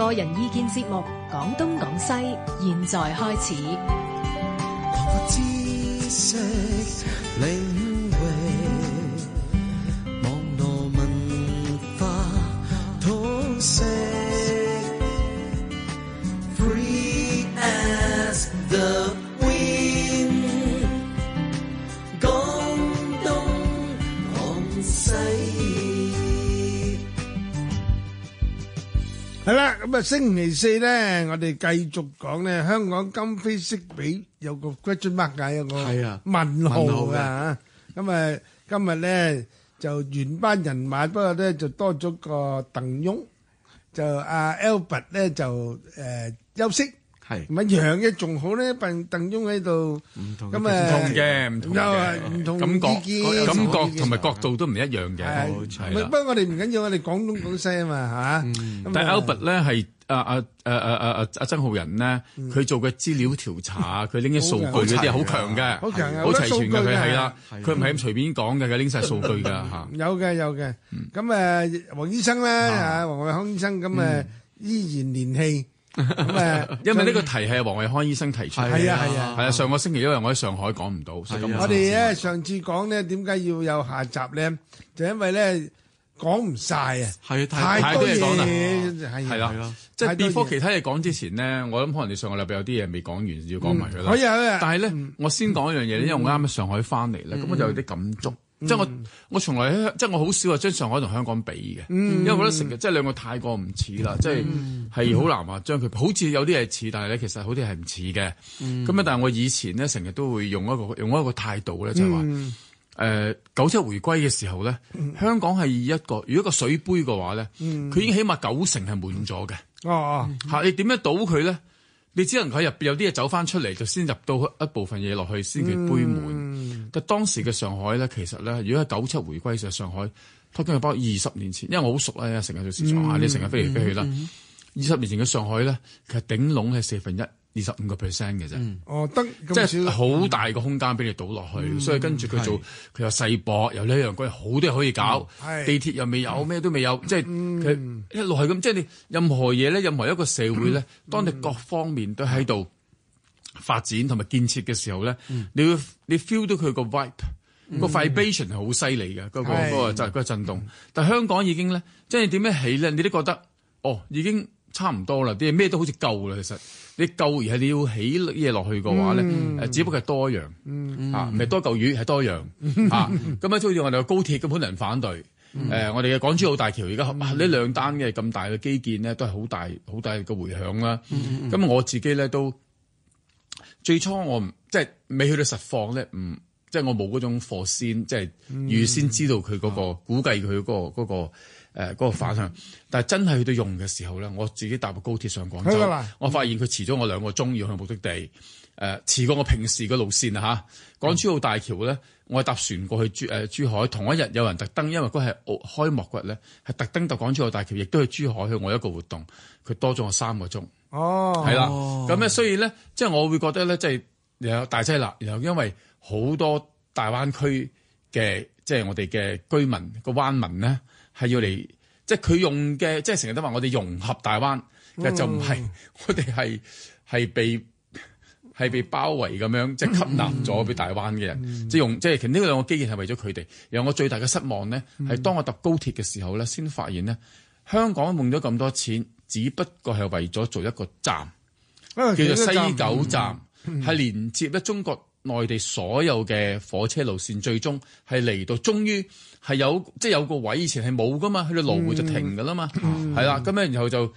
個人意見節目《講東講西》，現在開始。 咁啊，星期四咧，我哋繼續講咧，香港今非昔比，有個 question mark，有個係啊問號啊，咁啊，今日咧就原班人馬，不過咧就多咗個鄧翁，就阿 Albert 咧就誒休息。係，唔係楊嘅仲好咧，鄧鄧聰喺度，咁誒，唔同嘅，有啊，唔同意見，感覺同埋角度都唔一樣嘅。係，不過我哋唔緊要，我哋講東講西啊嘛，係嘛。但係 Albert 咧係阿阿阿阿阿阿阿曾浩仁咧，佢做嘅資料調查，佢拎嘅數據嗰啲好強嘅，好強啊，好齊全嘅佢係啦，佢唔係咁隨便講嘅，佢拎曬數據㗎嚇。有嘅有嘅，咁誒，黃醫生咧嚇，黃惠康醫生咁誒，依然年輕。咁 因為呢個題係黃惠康醫生提出。係啊係啊、係啊、是啊、是啊、是啊、是啊上個星期。因為我喺上海講唔到，咁、嗯。我哋咧上次講咧，點解要有下集咧？就因為咧講唔晒啊，係太多嘢講啦，係啦，即係 before 其他嘢講之前咧，我諗可能你上個禮拜有啲嘢未講完，要講埋佢啦。可以啊，但係咧，我先講一樣嘢，因為我啱啱喺上海翻嚟咧，咁我就有啲感觸。嗯嗯即我、嗯，我從來即我好少話將上海同香港比嘅、嗯，因為我覺得成日即係兩個太過唔似啦，即係係好難話將佢。好似有啲係似，但係咧其實好啲係唔似嘅。咁、嗯、但係我以前咧成日都會用一個用一個態度咧，就係話誒九七回歸嘅時候咧、嗯，香港係以一個如果一個水杯嘅話咧，佢、嗯、已經起碼九成係滿咗嘅。哦、啊啊，你點樣倒佢咧？你只能喺入邊有啲嘢走翻出嚟，就先入到一部分嘢落去，先叫杯滿。嗯但當時嘅上海咧，其實咧，如果喺九七回歸嘅上海，拖經濟包二十年前，因為我好熟啊，成日做市場啊，你成日飛嚟飛去啦。二、嗯、十、嗯、年前嘅上海咧，其實頂籠係四分一，二十五個 percent 嘅啫。哦、嗯，得即係好大個空間俾你倒落去、嗯，所以跟住佢做，佢有世博，有呢樣嗰樣，好多嘢可以搞。嗯、地鐵又未有，咩、嗯、都未有，即係、嗯、一路係咁。即係你任何嘢咧，任何一個社會咧、嗯，當你各方面都喺度，發展同埋建設嘅時候咧、嗯，你會你 feel 到佢個 vibe、嗯、嗰個 vibration 係好犀利嘅，嗰、嗯嗰個嗰就、嗰個嗰個震動動、嗯。但係香港已經咧，即係點樣起咧，你都覺得哦，已經差唔多啦，啲咩都好似夠啦。其實你夠而係你要起嘢落去嘅話咧、嗯，只不過係多樣樣嚇，唔係多嚿魚係多樣啊咁啊，好、嗯、似、嗯啊、 我哋高鐵咁，根本人反對誒、嗯呃，我哋嘅港珠澳大橋而家呢兩單嘅咁大嘅基建咧，都係好大好大嘅迴響啦。咁、嗯嗯、我自己咧都。最初我唔即係未去到實況咧，唔即係我冇嗰種課先，即係預先知道佢嗰、嗰個、嗯、估計佢嗰、嗰個嗰個嗰個反向。但係真係去到用嘅時候咧，我自己搭個高鐵上廣州，嗯、我發現佢遲咗我兩個鐘要去目的地。誒、呃、遲過我平時嘅路線啦。嚇港珠澳大橋咧、嗯，我係搭船過去珠、呃、珠海，同一日有人特登，因為嗰係開幕日咧，係特登搭港珠澳大橋，亦都去珠海去我一個活動，佢多咗我三個鐘哦、oh.，係啦，咁咧，所以咧，即係我會覺得咧、就是就是，即係又有大劑啦，然後因為好多大灣區嘅，即係我哋嘅居民個灣民咧，係要嚟，即係佢用嘅，即係成日都話我哋融合大灣其實、mm. 就唔係，我哋係係被係被包圍咁樣，即係吸納咗俾大灣嘅人，mm. 即係用即係呢兩個基建係為咗佢哋。然後我最大嘅失望咧，係、mm. 當我搭高鐵嘅時候咧，先發現咧，香港用咗咁多錢。只不過係為咗做一個站，叫做西九站，係連接咧中國內地所有嘅火車路線，最終係嚟到，終於係有即係、就是、有個位，以前係冇噶嘛，去到羅湖就停噶啦嘛，係、嗯、啦，咁樣然後就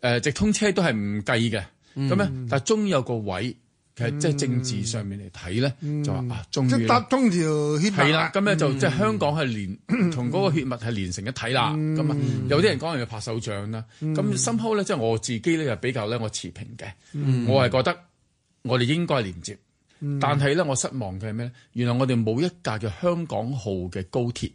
誒直通車都係唔計嘅，咁、嗯、樣，但係終於有個位。其實即係政治上面嚟睇咧，就話啊終於即係搭通條血脈係啦，咁咧就即係、嗯就是、香港係連同嗰、嗯、個血脈係連成一體啦。咁、嗯、啊，有啲人講人要拍手掌啦。咁深拋咧，即係、就是、我自己咧，就比較咧我持平嘅、嗯。我係覺得我哋應該連接，嗯、但係咧我失望嘅係咩咧？原來我哋冇一架叫香港號嘅高鐵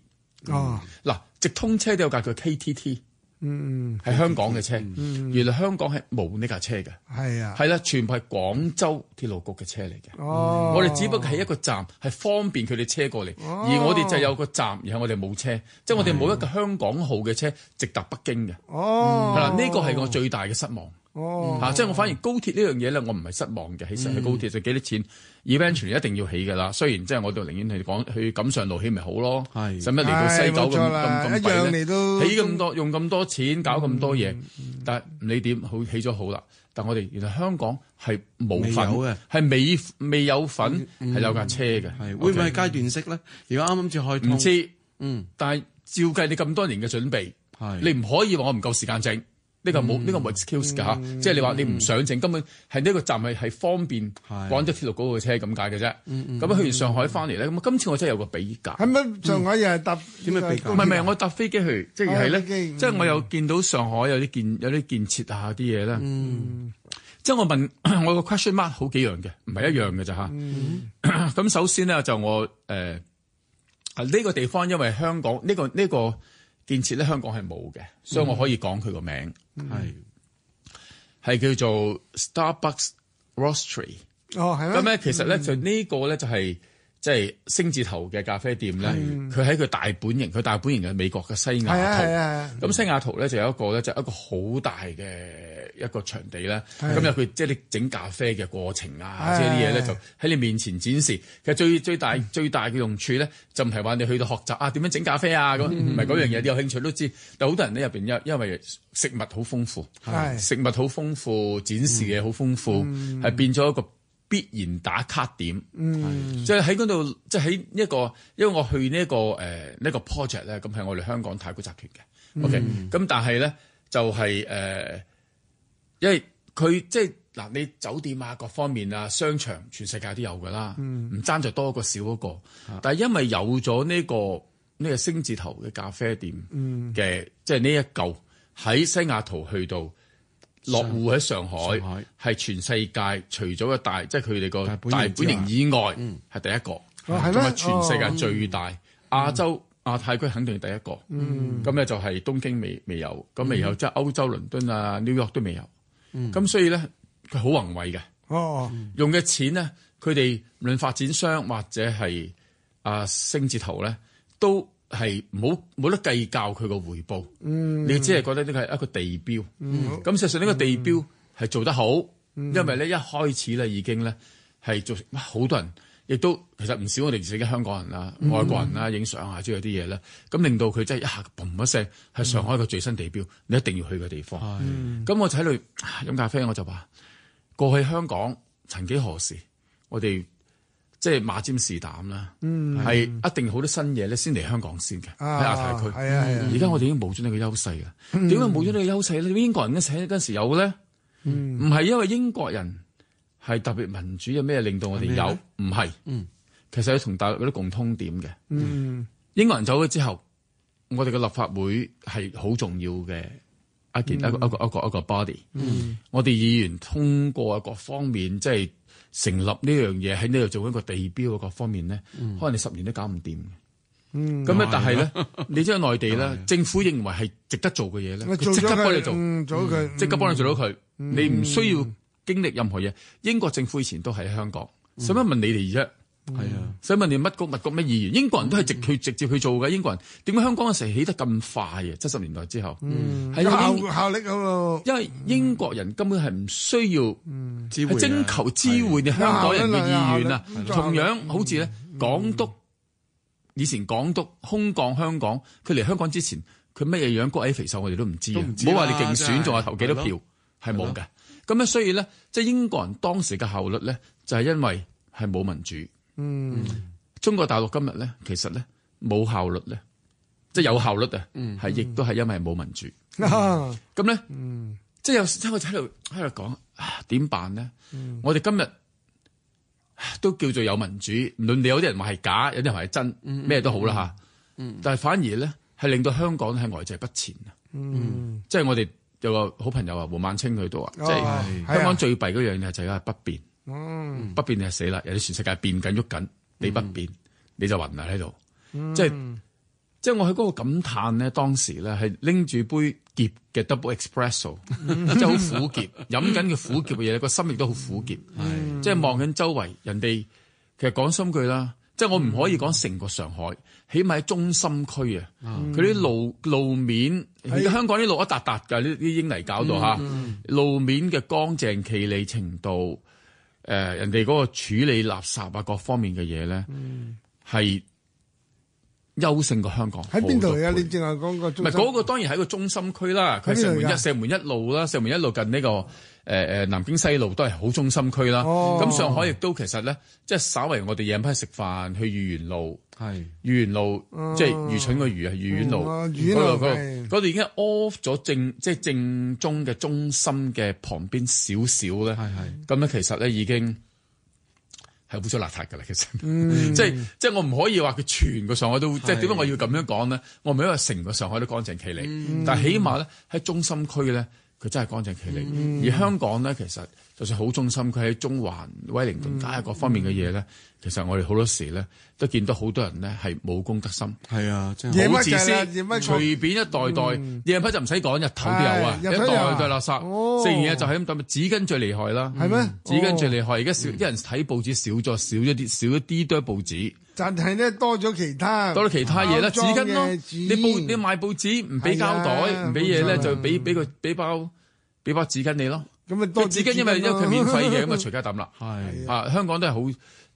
啊。嗱、嗯，直通車都有架叫 K T T。嗯，係香港嘅車，嗯嗯、原來香港係冇呢架車嘅，係啊，係啦、啊，全部係廣州鐵路局嘅車嚟嘅。哦，我哋只不過係一個站，係方便佢哋車過嚟，哦、而我哋就有個站，然後我哋冇車，即係、啊、我哋冇一個香港號嘅車直達北京嘅。哦，嗱、啊，呢、呢個係我最大嘅失望。哦，吓、嗯嗯，即係我反而高鐵呢樣嘢咧，我唔係失望嘅，起實係高鐵、嗯、就幾多錢，eventually 一定要起噶啦。雖然即係我哋寧願係講去錦上路起咪好咯，使乜嚟到西九咁咁咁弊起咁多用咁多錢搞咁多嘢、嗯嗯嗯，但唔理點好起咗好啦。但我哋原來香港係冇份，係未未有份，係有架、嗯、車嘅。Okay，會唔會係階段式咧？如果啱啱至開通，唔知，嗯，但係照計你咁多年嘅準備，係你唔可以話我唔夠時間整。呢、這個冇呢、嗯這個 excuse 嘅嚇，即係你話你唔想整、嗯，根本係呢個站係係方便廣州鐵路嗰個車咁解嘅啫。咁、嗯嗯、去完上海翻嚟咧，咁、嗯、今次我真係有個比較。係咪上海又係搭點、這、樣、個嗯這個、比較？唔係唔係，我搭飛機去，即係係咧，即係我有見到上海有啲建有啲建設啊啲嘢咧。即係我問我個 question mark 好幾樣嘅，唔係一樣嘅咋吓。咁、嗯啊、首先呢，就我誒呢、呃這個地方因為香港呢、這個呢、這個建設咧，香港係冇嘅，所以我可以講佢個名。係係、嗯、叫做 Starbucks Roastery 哦，係啦咁咧，其實咧、嗯、就個呢個咧就係、是。即係星字頭嘅咖啡店咧，佢喺佢大本營，佢大本營嘅美國嘅西雅圖，啊、哎、咁西雅圖咧、嗯、就有一個咧，就是、一個好大嘅一個場地啦。咁入佢，即係、就是、你整咖啡嘅過程啊，即係啲嘢咧就喺、是、你面前展示。其實最最大、嗯、最大嘅用處咧，就唔係話你去到學習啊，點樣整咖啡啊咁，唔係嗰樣嘢，你有興趣都知。但好多人咧入邊因因為食物好豐富、哎，食物好豐富、嗯，展示嘅好豐富，係、嗯、變咗一個。必然打卡點，嗯，即係喺嗰度，即係喺呢一個，因為我去呢、這、一個誒呢、呃這個 project 咧，咁係我哋香港太古集團嘅、嗯，OK，咁但係咧就係、是、誒、呃，因為佢即係嗱你酒店啊各方面啊商場全世界都有㗎啦，唔、嗯、爭就多一個少一個，但係因為有咗呢、這個呢、這個星字頭嘅咖啡店嘅，即係呢一嚿喺西雅圖去到，落戶喺上海，係全世界除咗個大，即係佢哋個大本營以外，係、嗯、第一個，咁係全世界最大。哦、亞洲、嗯、亞太區肯定係第一個，咁、嗯、咧就係東京未未有，咁未有即係、嗯、歐洲倫敦啊、New York 都未有，咁、嗯、所以咧佢好宏偉嘅。哦，用嘅錢咧，佢哋無論發展商或者係啊升字頭咧都。係冇冇得計較佢個回報，嗯、你只係覺得呢個係一個地標。咁、嗯、事實呢個地標係做得好，嗯、因為咧一開始咧已經咧係做好、嗯、多人，亦都其實唔少我哋自己香港人啦、外國人啦影相啊，嗯、之類啲嘢咧，咁令到佢真係一下嘣一聲係上海個最新地標、嗯，你一定要去嘅地方。咁、嗯、我就喺度飲咖啡，我就話過去香港曾幾何時我哋？即係馬占士膽啦，係、嗯、一定好多新嘢咧，先嚟香港先嘅，喺亞太區。而家、嗯、我哋已經冇咗、嗯、呢個優勢啦。點解冇咗呢個優勢咧？英國人嗰時嗰陣時有咧，唔係、嗯、因為英國人係特別民主，有咩令到我哋有？唔係，是嗯、其實係同大陸有啲共通點嘅。嗯嗯、英國人走咗之後，我哋嘅立法會係好重要嘅一件一個一個一個,一個,一,個,一,個一個 body。嗯、我哋議員通過各方面即係。成立呢樣嘢喺呢度做緊個地標啊，各方面咧，可能你十年都搞唔掂。咁啊，但係咧，你知喺內地咧，政府認為係值得做嘅嘢咧，即刻幫你做，即刻幫你做到佢。你唔需要經歷任何嘢。英國政府以前都喺香港，使乜問你哋啫？係啊，所以問你乜局？物局？乜議員？英國人都係直去直接去做嘅。英國人點解香港嗰時候起得咁快嘅？七十年代之後，係、嗯、效效率啊，因為英國人根本係唔需要徵、嗯、求支援嘅、嗯啊、香港人嘅意願啊。同樣好似咧，像港督、嗯、以前港督空降香港，佢嚟香港之前，佢乜嘢樣高矮肥瘦，我哋都唔知道。唔好話你競選仲係投幾多票，係冇嘅。咁咧，所以咧，即係英國人當時嘅效率咧，就係、是、因為係冇民主。嗯，嗯，中國大陸今日咧，其實咧冇效率咧，即係有效率啊，係亦都係因為冇民主。咁、嗯、咧、嗯嗯，即係有三個仔喺度喺度講，點辦咧？我哋、嗯、今日都叫做有民主，唔論你有啲人話係假，有啲人話係真，咩、嗯、都好啦吓、嗯嗯。但係反而咧，係令到香港係外滯不前啊、嗯嗯。即係我哋有個好朋友曼、哦、啊，胡萬清佢都話啊，即係香港最弊嗰樣嘢就係不變。嗯，不變就死啦。有啲全世界變緊喐緊，你不變、嗯、你就暈啦喺度，即係即係我喺嗰個感嘆咧。當時咧係拎住杯苦嘅 double espresso，真係好苦澀，飲緊嘅苦澀嘅嘢，個、嗯、心亦都好苦澀。即、嗯、係、就是、望緊周圍人哋，其實講心句啦，即、就、係、是、我唔可以講成個上海，起碼喺中心區啊。佢啲路路面，香港啲路一笪笪嘅呢啲英泥搞到吓，路面嘅乾淨企理程度。嗯誒、呃、人哋嗰個處理垃圾啊，各方面嘅嘢咧，係、嗯、優勝過香港。喺邊度嚟啊？你正話講個唔係嗰個當然係個中心區啦。佢係石門一石門一路啦，石門一路近呢，這個誒、呃、南京西路都係好中心區啦。咁、哦、上海亦都其實咧，即係稍為我哋夜班食飯去豫園路。係愚園路，即、哦、係、就是、愚蠢嘅愚啊！愚園路度嗰度，嗰、嗯、度已經 off 咗正，即、就、係、是、正中嘅中心嘅旁邊少少咧。係係，咁咧其實咧已經係污糟邋遢噶啦。其實，即係即係我唔可以話佢全上個上海都淋淋，即係點解我要咁樣講咧？我唔係因為成個上海都乾淨企理，但係起碼咧喺中心區咧，佢真係乾淨企理。而香港咧，其實。就算好中心，佢喺中環、威靈頓街各方面嘅嘢咧，其實我哋好多時咧都見到好多人咧係冇公德心。係啊，真係。好自私，隨便一袋一袋，夜不就唔使講，日頭都有啊，一袋袋垃圾，食、哦、完嘢就係咁抌。紙巾最厲害啦。係咩？紙巾最厲害。而、哦、家少啲、嗯、人睇報,報紙，少咗少咗啲少咗啲堆報紙。但係咧多咗其他多咗其他嘢啦，紙巾咯。巾咯你你買報紙唔俾膠袋，唔俾嘢咧，就俾俾個俾包俾包紙巾你咯,咯。咁佢、啊、自己因為因為佢免費嘅咁 啊，隨街抌啦。啊，香港都係好，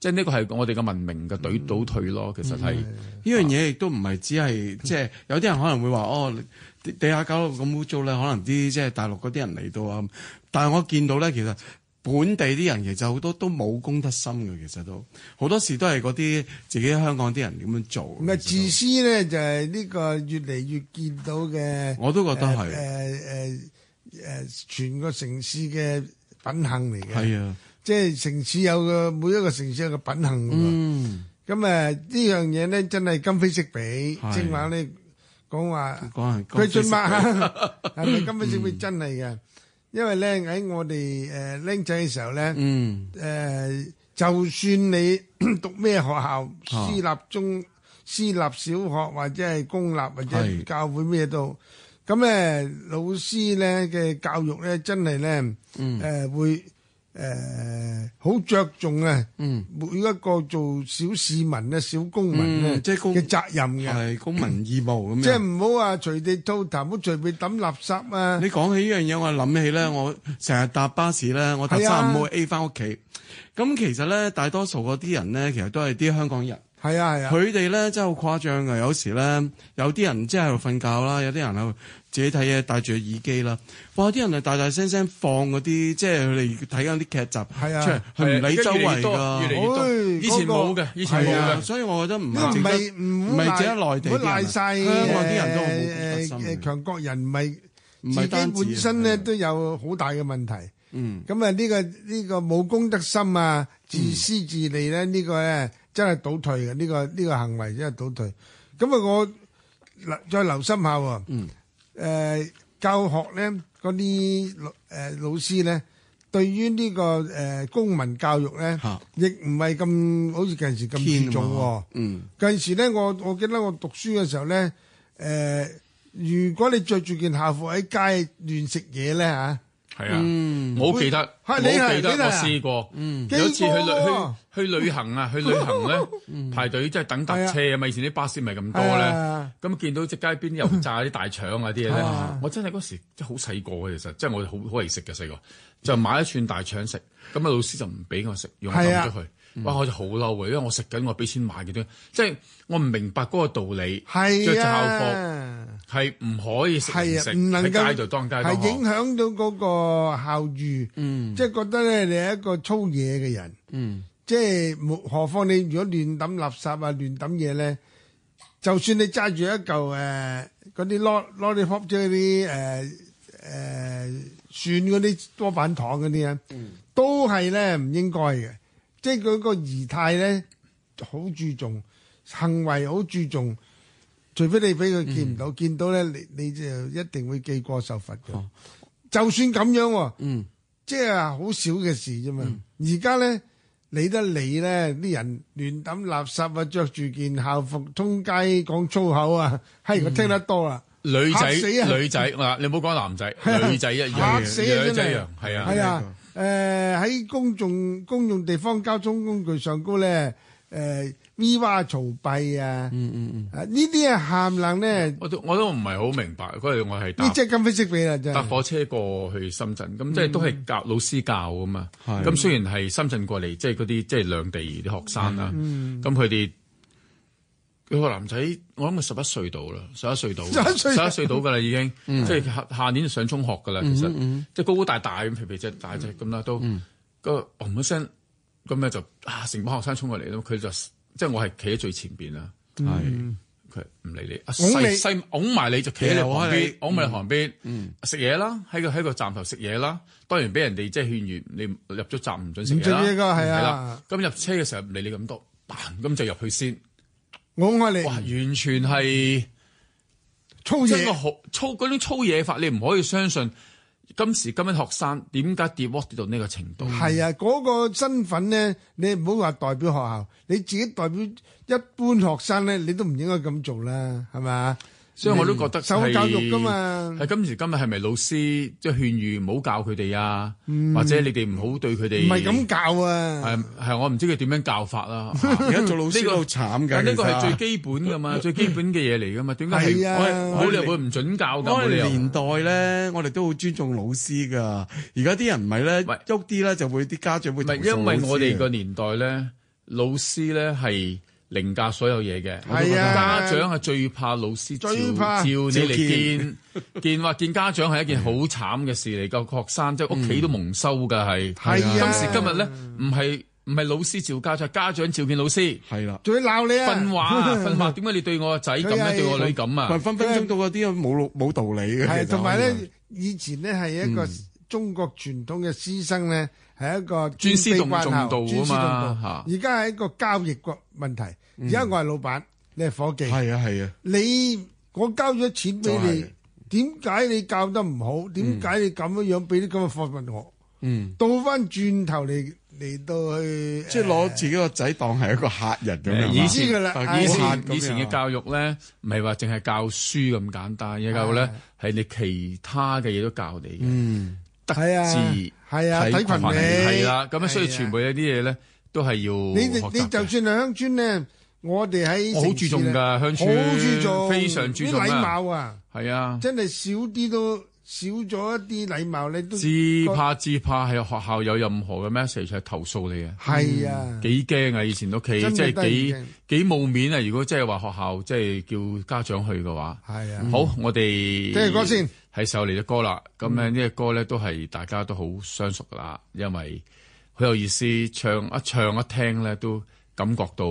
即係呢個係我哋嘅文明嘅、嗯、倒退咯。其實係呢、啊、樣嘢都唔係只係、嗯、即係有啲人可能會話哦，地下搞到咁污糟咧，可能啲即係大陸嗰啲人嚟到啊。但係我見到咧，其實本地啲人其實好多都冇公德心嘅，其實都好多時都係嗰啲自己香港啲人點樣做。唔係自私咧，就係、係、呢個越嚟越見到嘅。我都覺得係。呃呃呃誒、呃，全個城市嘅品行嚟嘅，係啊，即係城市有個每一個城市有個品行㗎嘛咁，誒呢樣嘢咧真係今非昔比，正話咧講話，佢俊嘛，係咪今非昔比真係嘅、嗯，因為咧喺我哋誒僆仔嘅時候咧，嗯，誒、呃、就算你 讀咩學校、啊，私立中、私立小學或者係公立或者教會咩都。咁誒老師咧嘅教育咧，真係咧，誒會誒好着重啊，每一個做小市民啊、小公民啊即公嘅責任嘅，係、嗯就是公, 就是、公民義務咁樣即係唔好啊隨地吐痰，唔好隨便抌垃圾啊！你講起呢樣嘢，我諗起咧，我成日搭巴士咧，我搭三唔好 A 翻屋企。咁、啊、其實咧，大多數嗰啲人咧，其實都係啲香港人。係啊，係啊！佢哋咧真係好誇張嘅，有時咧有啲人即係喺度瞓覺啦，有啲人喺度自己睇嘢，戴住耳機啦。哇！啲人係大大聲聲放嗰啲，即係佢哋睇緊啲劇集，係啊，唔、啊、理周圍噶、哦。以前冇嘅、那個，以前冇、啊啊、所以我覺得唔係唔係只係內地嘅。唔係曬香港啲人都冇誒誒強國人，唔係唔係單止本身咧都有好大嘅問題。嗯，咁啊呢、啊呢個呢、呢個冇公德心啊，自私自利咧呢、嗯呢個咧。真係倒退嘅，呢個呢個行為真係倒退。咁啊，我再留心下喎。誒教學咧，嗰啲誒老師咧，對於呢個誒公民教育咧，亦唔係咁好似近時咁嚴重喎。近時咧，我我記得我讀書嘅時候咧，誒如果你著住件校服喺街亂食嘢咧嚇。係啊，我記得，我記得我試過，有一次去去去旅行啊，去旅行咧，排隊即係等搭車啊，咪以前啲巴士咪咁多咧，咁見到只街邊油炸啲大腸啊啲嘢咧，我真係嗰時真係好細個嘅，其實即係我好好愛食嘅細個，就買一串大腸食，咁啊老師就唔俾我食，用咗出去。嗯、哇！我就好嬲嘅，因為我食緊，我俾錢買嘅啫，即係我唔明白嗰個道理，係、啊、校服係唔可以食零食喺、啊、街度當街，係影響到嗰個校譽、嗯。即係覺得咧你係一個粗野嘅人。嗯，即係何況你如果亂抌垃圾啊，亂抌嘢咧，就算你揸住一嚿誒嗰啲攞 lollipop 啲誒誒算嗰啲多板糖嗰啲呀，都係咧唔應該嘅。即係佢個儀態咧，好注重行為，好注重。除非你俾佢見唔到、嗯，見到咧，你你就一定會記過受罰嘅、啊。就算咁樣，嗯，即係好少嘅事啫嘛。而家咧理得你咧，啲人亂抌垃圾啊，着住件校服，通街講粗口啊，係、哎、我聽得多啦。女仔、啊，女仔，嗱，你唔好講男仔、啊，女仔一樣，女仔一樣，係啊，係啊。誒、呃、喺公眾公眾地方交通工具上高咧，誒咪話嘈閉啊！嗯嗯嗯，啊限呢啲嘢喊量咧，我都我都唔係好明白。嗰日我係呢即係今非昔比啦，搭火車過去深圳，咁即係都係教、嗯、老師教噶嘛。咁雖然係深圳過嚟，即係嗰啲即係兩地啲學生啊，咁佢哋。嗯佢、嗰個男仔，我諗佢十一歲到啦，十一歲到，十一歲到㗎啦已經，即 係、嗯、下，下年就上中學㗎啦。其實即係、嗯、高高大大咁肥肥隻大隻咁啦，都、嗯嗰個嘣一聲咁咧就啊成班學生衝過嚟啦。佢就即係我係企喺最前邊啦，係佢唔理你，擁擁擁埋你就企喺你旁邊，擁埋你旁邊食嘢、嗯、啦，喺個喺個站頭食嘢啦。當然俾人哋即係勸喻你入咗站唔準食嘢啦。咁、呢個、入車嘅時候唔理你咁多，嘣咁就入去先。我愛你。哇！完全係粗嘢，真個好粗嗰啲粗野法，你唔可以相信。今時今日學生點解跌落跌到呢個程度？係啊，嗰、嗰個身份咧，你唔好話代表學校，你自己代表一般學生咧，你都唔應該咁做啦，係咪？所以我都覺得係受教育噶嘛。係今時今日係咪老師即係勸喻唔好教佢哋啊？或者你哋唔好對佢哋。唔係咁教啊！係係我唔知佢點樣教法啊。而家做老師呢個都好慘噶。呢個係最基本噶嘛，最基本嘅嘢嚟噶嘛。點解係我我哋會唔準教噶？我哋年代咧，我哋都好尊重老師噶。而家啲人唔係咧，喐啲咧就會啲家長會唔係因為我哋個年代咧，老師咧係。凌駕所有嘢嘅、啊，家長係最怕老師召召你嚟見見或 見家長係一件好慘嘅事嚟，個學生即係屋企都蒙羞噶係。係、嗯、啊，今時今日咧，唔係唔係老師召家、就是、家長，家長召見老師，係啦、啊，仲要鬧你啊，訓話訓話，點解你對我個仔咁呢？對我女咁啊？分分鐘到嗰啲冇冇道理嘅。係同埋咧，以前咧係一個。嗯中國傳統嘅師生咧係一個尊師重道啊嘛，而家係一個交易嘅問題。而、嗯、家我係老闆，你係伙計。係啊係啊，你我交咗錢俾你，點、就、解、是、你教得唔好？點、嗯、解你咁樣給你這樣俾啲咁嘅貨物我？嗯，倒翻轉頭嚟嚟到去，嗯、即係攞自己個仔當係一個客人咁嘅、嗯、意思㗎啦。以前以前嘅教育咧，唔係話淨係教書咁簡單，而係教育咧係你其他嘅嘢都教你嘅。嗯。係啊，係啊，睇群係啦，咁、啊、所以全部有啲嘢咧，都係要你你就算係鄉村咧，我哋喺好注重噶鄉村，好注，注重。非常注重啲禮貌啊，係啊，真係少啲都少咗一啲禮貌，你都只怕只怕喺學校有任何嘅 message 去投訴你係，啊、係、嗯、啊，幾驚啊！以前屋企即係幾幾冇面啊！如果即係話學校即係叫家長去嘅話，係啊，好，嗯、我哋聽完歌先。係首嚟嘅歌啦，咁咧呢個歌咧都係大家都好相熟啦，因為好有意思，唱一唱一聽咧都感覺到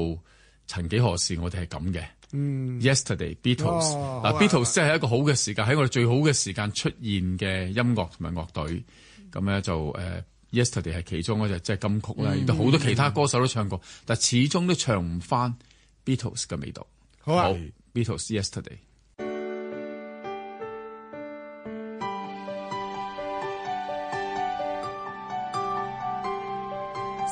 曾幾何時我哋係咁嘅。嗯，Yesterday Beatles 嗱、哦啊、，Beatles 真係一個好嘅時間，喺我哋最好嘅時間出現嘅音樂同埋樂隊，咁咧就、uh, Yesterday 係其中一隻即係金曲啦。都好多其他歌手都唱過，嗯、但係始終都唱唔翻 Beatles 嘅味道。好啊好，Beatles Yesterday。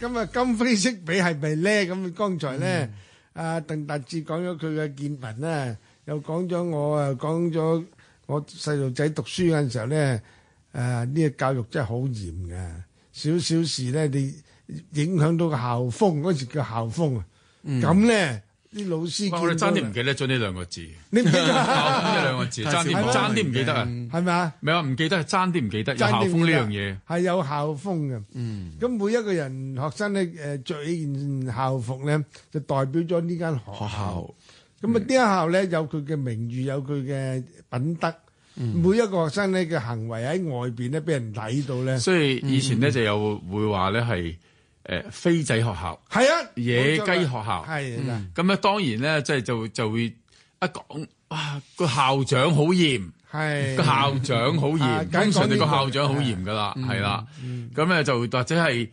今日，今非昔比係咪咧？咁剛才咧，阿鄧達智講咗佢嘅見聞啦，又講咗我啊，講咗我細路仔讀書嗰陣時候咧，誒，呢個教育真係好嚴嘅，少少事咧，你影響到個校風，嗰時叫校風啊，咁咧。啲老師，我哋爭啲唔記得咗呢兩個字。呢兩 個字，爭啲唔記得啊，係咪啊？唔係話唔記得，係爭啲唔記得。有校風呢樣嘢係有校風嘅。嗯，咁每一個人學生咧，誒着起件校服咧，就代表咗呢間學校。咁啊，呢間校咧有佢嘅名譽，有佢嘅品德，嗯。每一個學生咧嘅行為喺外邊咧，俾人睇到咧。所以以前咧，嗯，就有會話咧係。誒，飛仔學校係啊，野雞學校係，咁咧、啊嗯啊、當然咧，即係就就會一講，哇、啊、個校長好嚴，係個、啊、校長好嚴，經、啊、常你個校長好嚴噶啦，係、嗯、啦，咁、嗯、咧、啊啊啊嗯啊嗯、就或者係誒、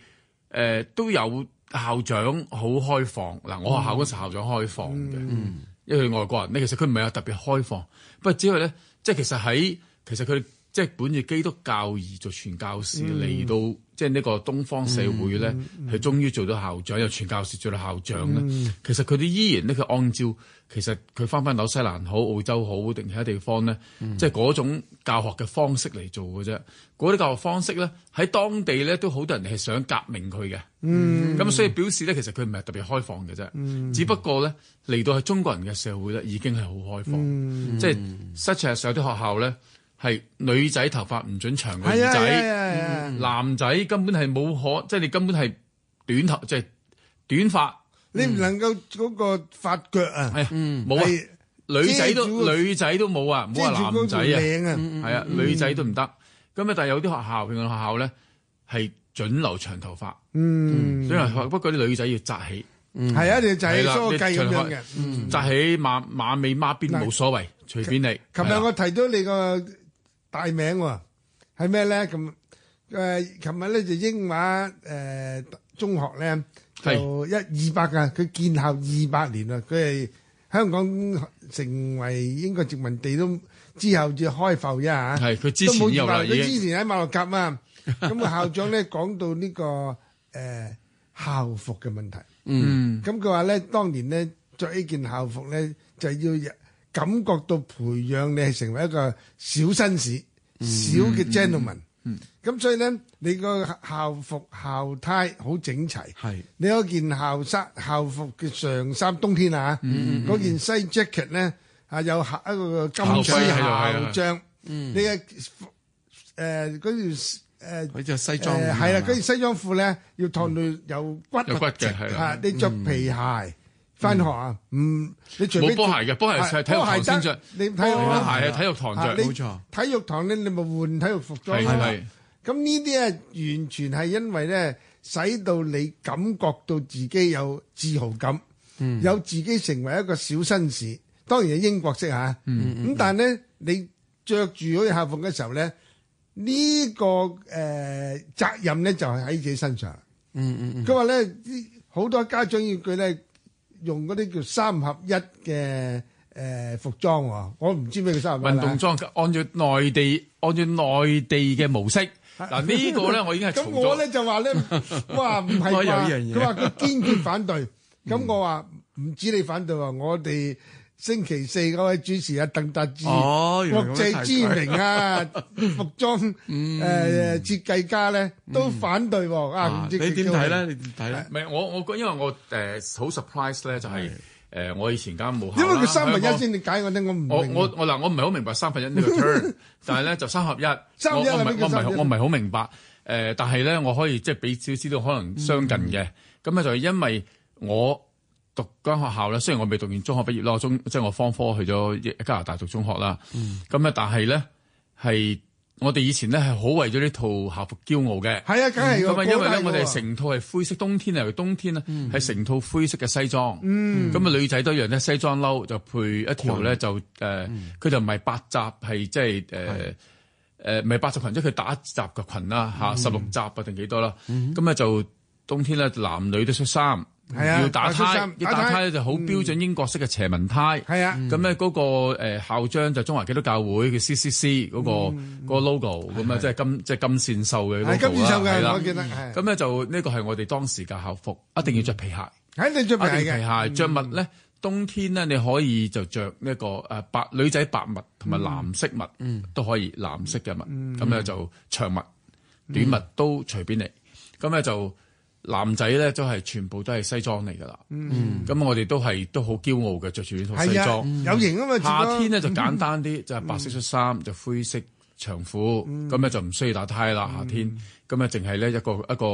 呃、都有校長好開放，嗱、啊、我學校嗰時校長開放嘅、嗯，因為外國人咧其實佢唔係有特別開放，不過只係咧，即係其實喺其實佢。即、就、係、是、本住基督教義做傳教士嚟、嗯、到，即係呢個東方社會咧，係、嗯嗯、終於做到校長，由傳教士做到校長咧、嗯。其實佢哋依然咧，佢按照其實佢返返紐西蘭好、澳洲好定其他地方咧，即係嗰種教學嘅方式嚟做嘅啫。嗰、嗯、啲教學方式咧，喺當地咧都好多人係想革命佢嘅。咁、嗯、所以表示咧，其實佢唔係特別開放嘅啫、嗯。只不過咧，嚟到係中國人嘅社會咧，已經係好開放。即係實在上有啲學校咧。係女仔頭髮唔准長嘅，女仔，啊啊啊啊嗯，男仔根本係冇可，即係你根本係短頭，即、就、係、是、短髮。你唔能夠嗰個髮腳啊，係、嗯、冇、哎、啊，女仔都女仔都冇啊，唔好話男仔啊，係啊、嗯啊嗯，女仔都唔得。咁、嗯、啊，但係有啲學校，譬如學校咧係准留長頭髮，嗯，雖然學不過啲女仔要紮起，係、嗯、啊，你紮、啊嗯、起多個髻咁樣嘅，紮起馬馬尾孖辮冇所謂，隨便你。琴、啊、日我提到你個大名喎、哦，係咩咧？咁誒琴日咧就英華誒、呃、中學咧，就一二百啊，佢建校二百年啦。佢係香港成為英國殖民地，都之後至開埠一下、啊。係佢之前有啦，佢之前喺馬六甲啊，咁校長咧講到呢、這個誒、呃、校服嘅問題嗯，咁佢話咧，當年咧着呢做一件校服咧，就要感覺到培養你係成為一個小紳士。嗯、小嘅 gentleman，咁、嗯嗯、所以咧，你個校服校呔好整齊，你嗰件校衫校服嘅上衫冬天啊嗰、嗯嗯、件西 jacket 咧、嗯啊、有一個金校徽校章，你嘅誒，嗰、呃、條誒，呃、西裝係啦，嗰、呃、西裝褲咧要燙到有骨，嗯、有骨、啊嗯、你着皮鞋。嗯返學啊，唔、嗯、你除非冇波鞋嘅，波鞋係體育堂先着，你睇我啲鞋啊，體育堂着冇錯。體育堂咧，你咪換體育服裝。係係、啊。咁呢啲咧，完全係因為咧，使到你感覺到自己有自豪感，嗯、有自己成為一個小紳士。當然係英國式吓，咁、啊嗯嗯嗯、但係咧，你着住嗰啲校服嘅時候咧，呢、這個誒、呃、責任咧就係、是、喺自己身上。嗯嗯佢話咧，好多家長要佢咧。用嗰啲叫三合一嘅誒服裝喎，我唔知咩叫三合一。運動裝按照內地按照內地嘅模式，嗱、啊呢個、呢個咧我已經係咁我咧就話咧，哇唔係嘛，佢話佢堅決反對，咁 我話唔止你反對啊，我哋。星期四嗰位主持啊，鄧達智，哦、國際知名啊 服裝誒設計家咧、嗯、都反對喎、啊啊。你點睇咧？你點睇咧？唔係我我因為我，我誒好、呃、surprise 咧、就是，就係誒我以前間冇。因為佢三分一先點解我我唔我我我嗱，我唔係好明白三分一呢個 turn， 但係咧就三合一，三合一我我唔、這個、我唔我唔好明白。誒、呃，但係咧我可以即係俾少少都可能相近嘅，咁、嗯、咧就係因為我。讀間學校啦，雖然我未讀完中學畢業咯，中即係、就是、我方科去咗加拿大讀中學啦。咁、嗯、啊，但係咧係我哋以前咧係好為咗呢套校服驕傲嘅。係、嗯、啊，梗係咁啊，因為咧我哋成套係灰色，冬天嘅冬天咧係成套灰色嘅西裝。咁、嗯、啊、嗯嗯，女仔都一樣咧，西裝褸就配一條咧就誒，佢、呃嗯、就唔係八集，係即係誒誒，唔係八集裙，即佢打集嘅裙啦吓，十六集定幾多啦。咁、嗯、咧、嗯、就冬天咧男女都着衫。係啊，要打呔要打呔咧就好、是、標準英國式嘅斜紋呔係啊，咁咧嗰個誒校章就中華基督教會嘅 C.C.C. 嗰、那個個 logo，咁啊即係金即係、嗯就是金，嗯就是、金線繡嘅 logo 啦。係金線繡嘅、啊，我記得。咁咧、啊啊啊啊啊啊、就呢個係我哋當時嘅校服、嗯，一定要着皮鞋。一定着皮鞋。着襪咧，冬天咧你可以就着呢個誒白女仔白襪，同埋藍色襪、嗯，嗯都可以，藍色嘅襪。咁、嗯、啊就長襪、嗯、短襪都隨便嚟咁咧就。男仔咧，都、就、係、是、全部都係西裝嚟噶啦。嗯，咁我哋都係都好驕傲嘅，着住呢套西裝。啊、有型啊嘛，夏天咧、嗯、就簡單啲，就是、白色恤衫、嗯，就灰色長褲。咁、嗯、咧就唔需要打呔啦。夏天咁咧，淨係咧一個一個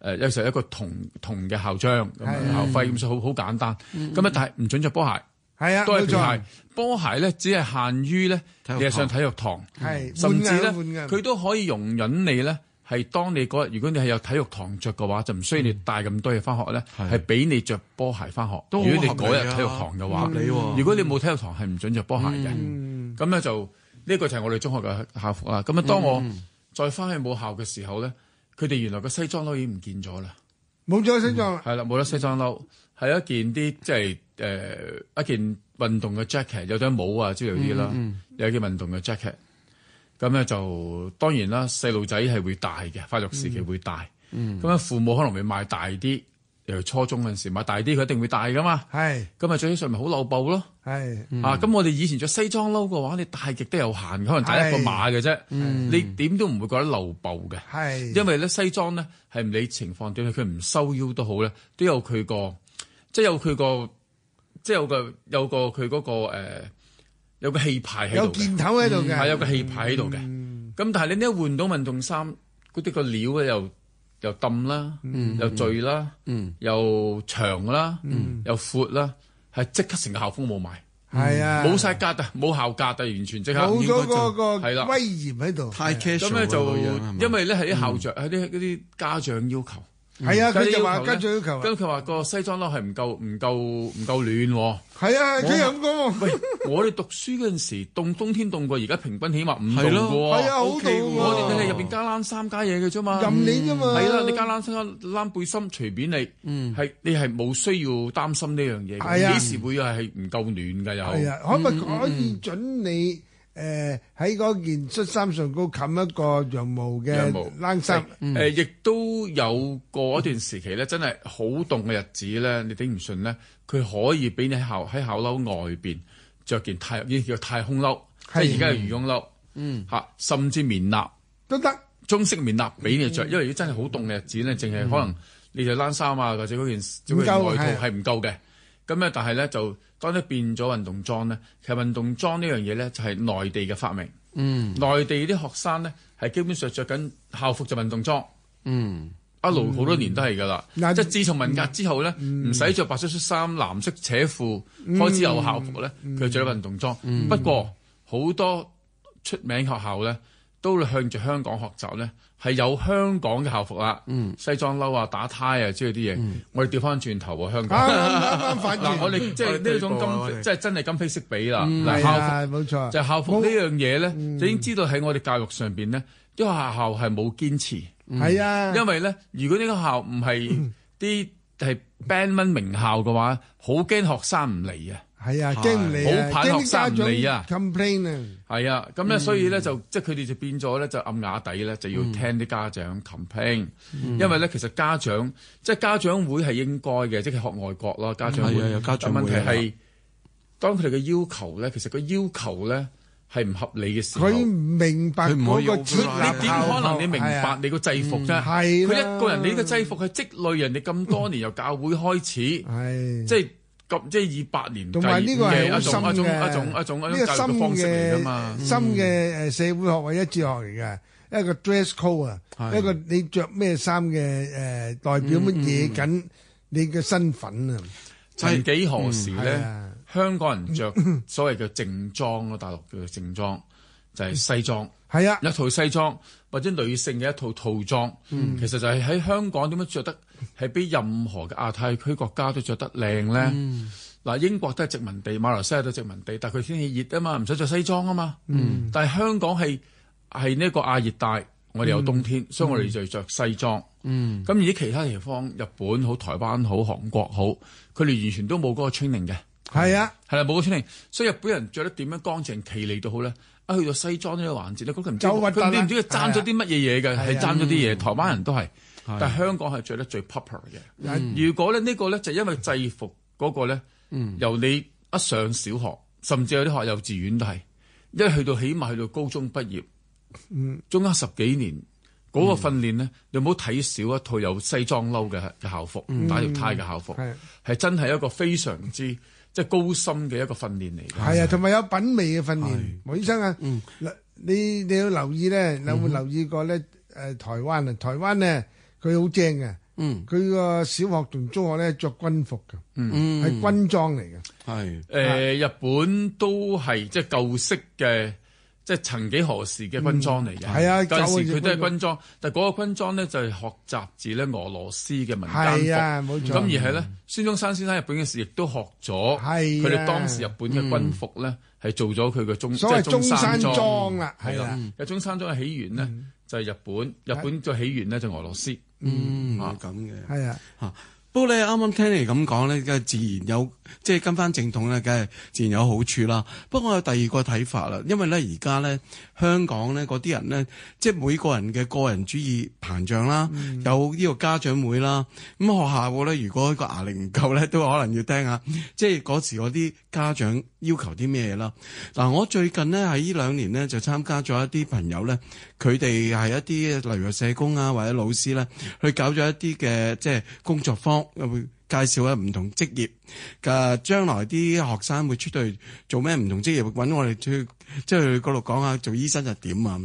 有、呃、時候一個銅銅嘅校章、啊，校徽咁、嗯，所以好好簡單。咁、嗯、咧，但係唔準着波鞋。係啊，冇錯。波鞋咧，只係限於咧，你上體育堂。係、嗯，甚至咧，佢都可以容忍你咧。係當你嗰日，如果你係有體育堂着嘅話，就唔需要你帶咁多嘢翻學咧。係、嗯、俾你着波鞋翻學、啊。如果你嗰日體育堂嘅話、啊嗯，如果你冇體育堂，係唔準着波鞋嘅。咁、嗯、咧就呢、呢個就係我哋中學嘅校服啦。咁啊，當我再翻去母校嘅時候咧，佢哋原來個西裝褸已經唔見咗啦，冇咗西裝啦。係、嗯、啦，冇得西裝褸，係、嗯、一件啲即係誒一件運動嘅 jacket，有啲帽啊之類啲啦，有一件運動嘅 jacket。咁咧就當然啦，細路仔係會大嘅，發育時期會大。咁、嗯、樣、嗯、父母可能會買大啲，誒初中嗰陣時買大啲，佢一定會大噶嘛。咁啊，就最起上咪好漏布咯、嗯。啊，咁我哋以前着西裝褸嘅話，你大極都有限，可能大一個碼嘅啫。你點都唔會覺得漏布嘅，因為咧西裝咧係唔理情況點，佢唔收腰都好咧，都有佢個即係、就是、有佢個即、就是、有個有個佢嗰個有個氣派喺度，有箭頭喺度嘅，係、嗯、有個氣派喺度嘅。咁、嗯嗯嗯、但係你呢一換到運動衫，嗰啲個料又又冧啦、嗯，又聚啦、嗯，又長啦、嗯，又闊啦，係即刻成個校風霧霾。係啊，冇、嗯、晒格啊，冇校格啊，完全即刻冇咗嗰個威嚴喺度。太 casual 咁咧就、那個，因為咧係啲校長，係啲嗰啲家長要求。係、嗯、啊，佢就話跟住要求。跟住佢話個西裝褸係唔夠唔夠唔夠暖。係啊，佢又咁講。 喂，我哋讀書嗰陣時凍冬，冬天凍過而家平均起碼五度。係咯。係啊，好凍、啊 okay，啊。我哋睇睇入邊加冷衫加嘢嘅啫嘛。任你啫嘛。係、嗯、啦、啊，你加冷衫、冷背心，隨便你。嗯。係你係冇需要擔心呢樣嘢。係啊。幾時會係唔夠暖噶又？係啊，啊，啊，、嗯、啊，啊，啊。可唔可以准你？嗯嗯嗯誒喺嗰件恤衫上高冚一個羊毛嘅羊毛，冷衫，誒亦、嗯呃、都有過段時期咧、嗯，真係好凍嘅日子咧，你頂唔順咧，佢可以俾你喺校喺校褸外邊着件太呢叫太空褸，即係而家嘅羽絨褸，嗯嚇，甚至棉衲都得，中式棉衲俾你着、嗯，因為如果真係好凍嘅日子咧，淨、嗯、係可能你條冷衫啊，或者嗰件不外套係唔夠嘅，咁咧但係咧就。當你變咗運動裝咧，其實運動裝呢樣嘢咧就係內地嘅發明。嗯，內地啲學生咧係基本上着緊校服就運動裝。嗯，一路好多年都係㗎啦。即係自從文革之後咧，唔使着白色恤衫、藍色斜褲，嗯、開始有校服咧，佢、嗯、著運動裝、嗯。不過好多出名學校咧，都向住香港學習咧，係有香港嘅校服啦、啊嗯，西裝褸啊、打呔啊，之類啲嘢、嗯。我哋調翻轉頭啊，香港嗱，剛剛剛剛反 我哋即係呢種金，即係真係金非色比啦。嗱、嗯啊、校服冇錯，就是、校服呢樣嘢咧，就已經知道喺我哋教育上邊咧、嗯啊嗯，因為學校係冇堅持。係啊，因為咧，如果呢個校唔係啲係 band one 名校嘅話，好驚學生唔嚟啊。係啊，驚唔嚟啊！驚啲家長，啊，啊 complain 啊！係啊，咁、嗯、咧、嗯，所以咧就即係佢哋就變咗咧，就暗瓦底咧，就要聽啲家長 complain、嗯。因為咧，其實家長即係家長會係應該嘅，即係學外國咯。家長會，啊、家長會。那個、問題係、啊、當佢哋嘅要求咧，其實個要求咧係唔合理嘅時候。佢唔明白佢個、那個，你點可能你明白你個制服啫？係佢、啊嗯啊、一個人，你個制服係積累人哋咁多年 由教會開始，係、啊、即係。咁即係二八年同埋呢個係一種一種一種一種舊嘅方式嚟噶嘛？深嘅誒社會學或者哲學嚟嘅，一個 dress code 啊，一個你着咩衫嘅誒，代表乜嘢緊你嘅身份啊？曾幾何時咧、嗯啊，香港人着所謂嘅正裝啊，大陸叫做正裝，就係、是、西裝。係啊，一套西裝。或者女性嘅一套套裝，其實就係喺香港點樣着得係比任何嘅亞太區國家都着得靚咧。嗱、嗯，英國都係殖民地，馬來西亞都殖民地，但佢天氣熱啊嘛，唔使着西裝啊嘛。嗯、但係香港係係呢個亞熱帶，我哋有冬天，嗯、所以我哋就要着西裝。咁、嗯、而啲其他地方，日本好、台灣好、韓國好，佢哋完全都冇嗰個 training 嘅。係啊，係啦，冇個 training，所以日本人着得點樣乾淨奇麗都好咧。啊，去到西裝呢個環節咧，嗰、那個唔知佢點知爭咗啲乜嘢嘢嘅，係爭咗啲嘢。台灣人都係、啊，但香港係着得最 proper 嘅、嗯。如果咧呢、這個咧就是、因為制服嗰個咧、嗯，由你一上小學，甚至有啲學校幼稚園都係，一去到起碼去到高中畢業，嗯、中間十幾年嗰、那個訓練咧、嗯，你冇睇少一套有西裝褸嘅嘅校服，嗯、打條呔嘅校服，係、嗯啊啊、真係一個非常之。即係高深嘅一個訓練嚟嘅，係啊，同埋有品味嘅訓練。黃醫生啊，嗯，你你，要你有留意咧？有冇留意過咧？誒、呃，台灣呢啊，台灣咧，佢好正嘅，嗯，佢個小學同中學咧着軍服㗎，嗯，係軍裝嚟嘅，係誒、呃，日本都係即係舊式嘅。即係曾幾何時嘅軍裝嚟嘅，嗰、嗯、陣、啊、時佢都係軍裝、嗯、但係嗰個軍裝咧就係學習自咧俄羅斯嘅民間服、冇錯，咁、啊、而係咧、嗯、孫中山先生日本嘅時亦都學咗，佢哋當時日本嘅軍服咧係、嗯、做咗佢嘅中，即係中山裝啦，係啦，有中山裝嘅、嗯啊啊、起源咧就係日本，啊、日本再起源咧就俄羅斯，嗯，咁、嗯、嘅，係啊。不過你啱啱聽你咁講咧，梗係自然有，即係跟翻正統咧，梗係自然有好處啦。不過我有第二個睇法啦，因為咧而家咧香港咧嗰啲人咧，即係每個人嘅個人主義膨脹啦、嗯，有呢個家長會啦，咁學校咧如果個牙力唔夠咧，都可能要聽下。即係嗰時嗰啲家長。要求啲咩嘢啦？嗱、啊，我最近呢喺呢兩年呢就參加咗一啲朋友咧，佢哋係一啲例如社工啊或者老師呢，去搞咗一啲嘅即係工作坊，會介紹下唔同職業嘅將來啲學生會出去做咩唔同職業，搵我哋出即係去嗰度講下做醫生就點啊。